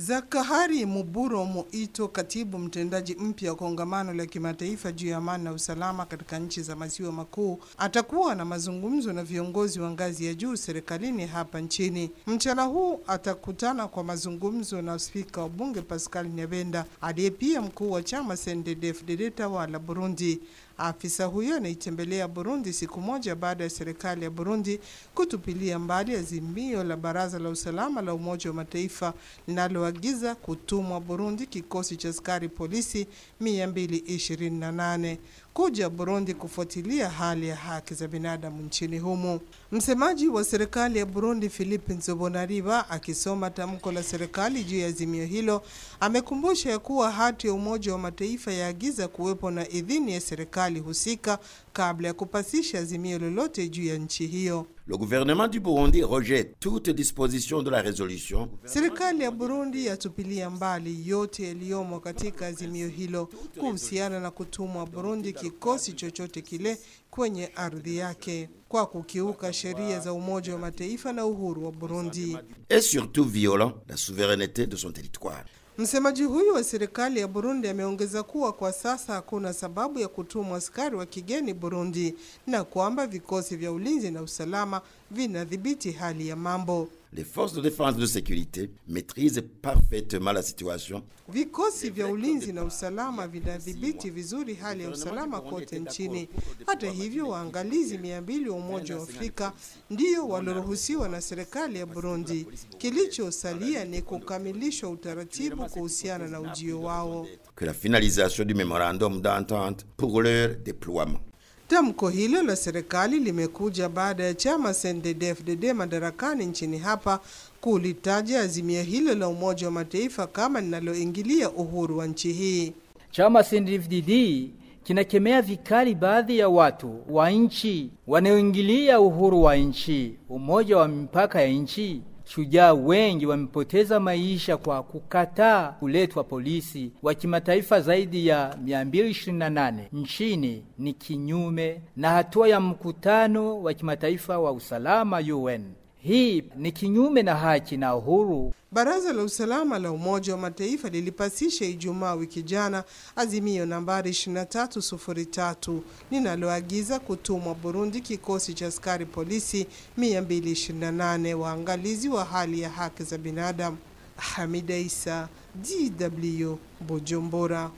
Zakahari Muburo Muito, katibu mtendaji mpya wa kongamano la kimataifa juu ya amani na usalama katika nchi za maziwa makuu, atakuwa na mazungumzo na viongozi wa ngazi ya juu serikalini hapa nchini. Mchana huu atakutana kwa mazungumzo na spika wa bunge Pascal Nyabenda, aliye pia mkuu wa chama CNDD-FDD tawala Burundi. Afisa huyo anaitembelea Burundi siku moja baada ya serikali ya Burundi kutupilia mbali azimio la Baraza la Usalama la Umoja wa Mataifa linaloagiza kutumwa Burundi kikosi cha askari polisi 228 kuja Burundi kufuatilia hali ya haki za binadamu nchini humo. Msemaji wa serikali ya Burundi Philippe Nzobonariba akisoma tamko la serikali juu ya azimio hilo amekumbusha ya kuwa hati ya Umoja wa Mataifa yaagiza kuwepo na idhini ya serikali husika kabla ya kupasisha azimio lolote juu ya nchi hiyo. Le gouvernement du Burundi rejette toutes dispositions de la résolution. Serikali ya Burundi yatupilia mbali yote yaliyomo katika azimio hilo kuhusiana na kutumwa Burundi kikosi chochote kile kwenye ardhi yake kwa kukiuka sheria za Umoja wa Mataifa na uhuru wa Burundi. Et surtout violant la souveraineté de son territoire. Msemaji huyu wa serikali ya Burundi ameongeza kuwa kwa sasa hakuna sababu ya kutumwa askari wa kigeni Burundi na kwamba vikosi vya ulinzi na usalama vinadhibiti hali ya mambo les forces de défense de sécurité maîtrisent parfaitement la situation. Vikosi vya ulinzi na usalama vinadhibiti vizuri hali ya usalama kote nchini. Hata hivyo, waangalizi mia mbili wa Umoja wa Afrika ndio walioruhusiwa na serikali ya Burundi. Kilichosalia ni kukamilishwa utaratibu kuhusiana na ujio wao. Que la finalisation du mémorandum d'entente pour leur déploiement. Tamko hilo la serikali limekuja baada ya chama CNDD-FDD madarakani nchini hapa kulitaja azimia hilo la Umoja wa Mataifa kama linaloingilia uhuru wa nchi hii. Chama CNDD-FDD kinakemea vikali baadhi ya watu wa nchi wanaoingilia uhuru wa nchi, umoja wa mipaka ya nchi shujaa wengi wamepoteza maisha kwa kukataa kuletwa polisi wa kimataifa zaidi ya 228 nchini, ni kinyume na hatua ya mkutano wa kimataifa wa usalama UN hii ni kinyume na haki na uhuru. Baraza la Usalama la Umoja wa Mataifa lilipasisha Ijumaa wiki jana azimio nambari 2303 linaloagiza kutumwa Burundi kikosi cha askari polisi 228 waangalizi wa hali ya haki za binadamu. Hamida Isa, DW, Bujumbura.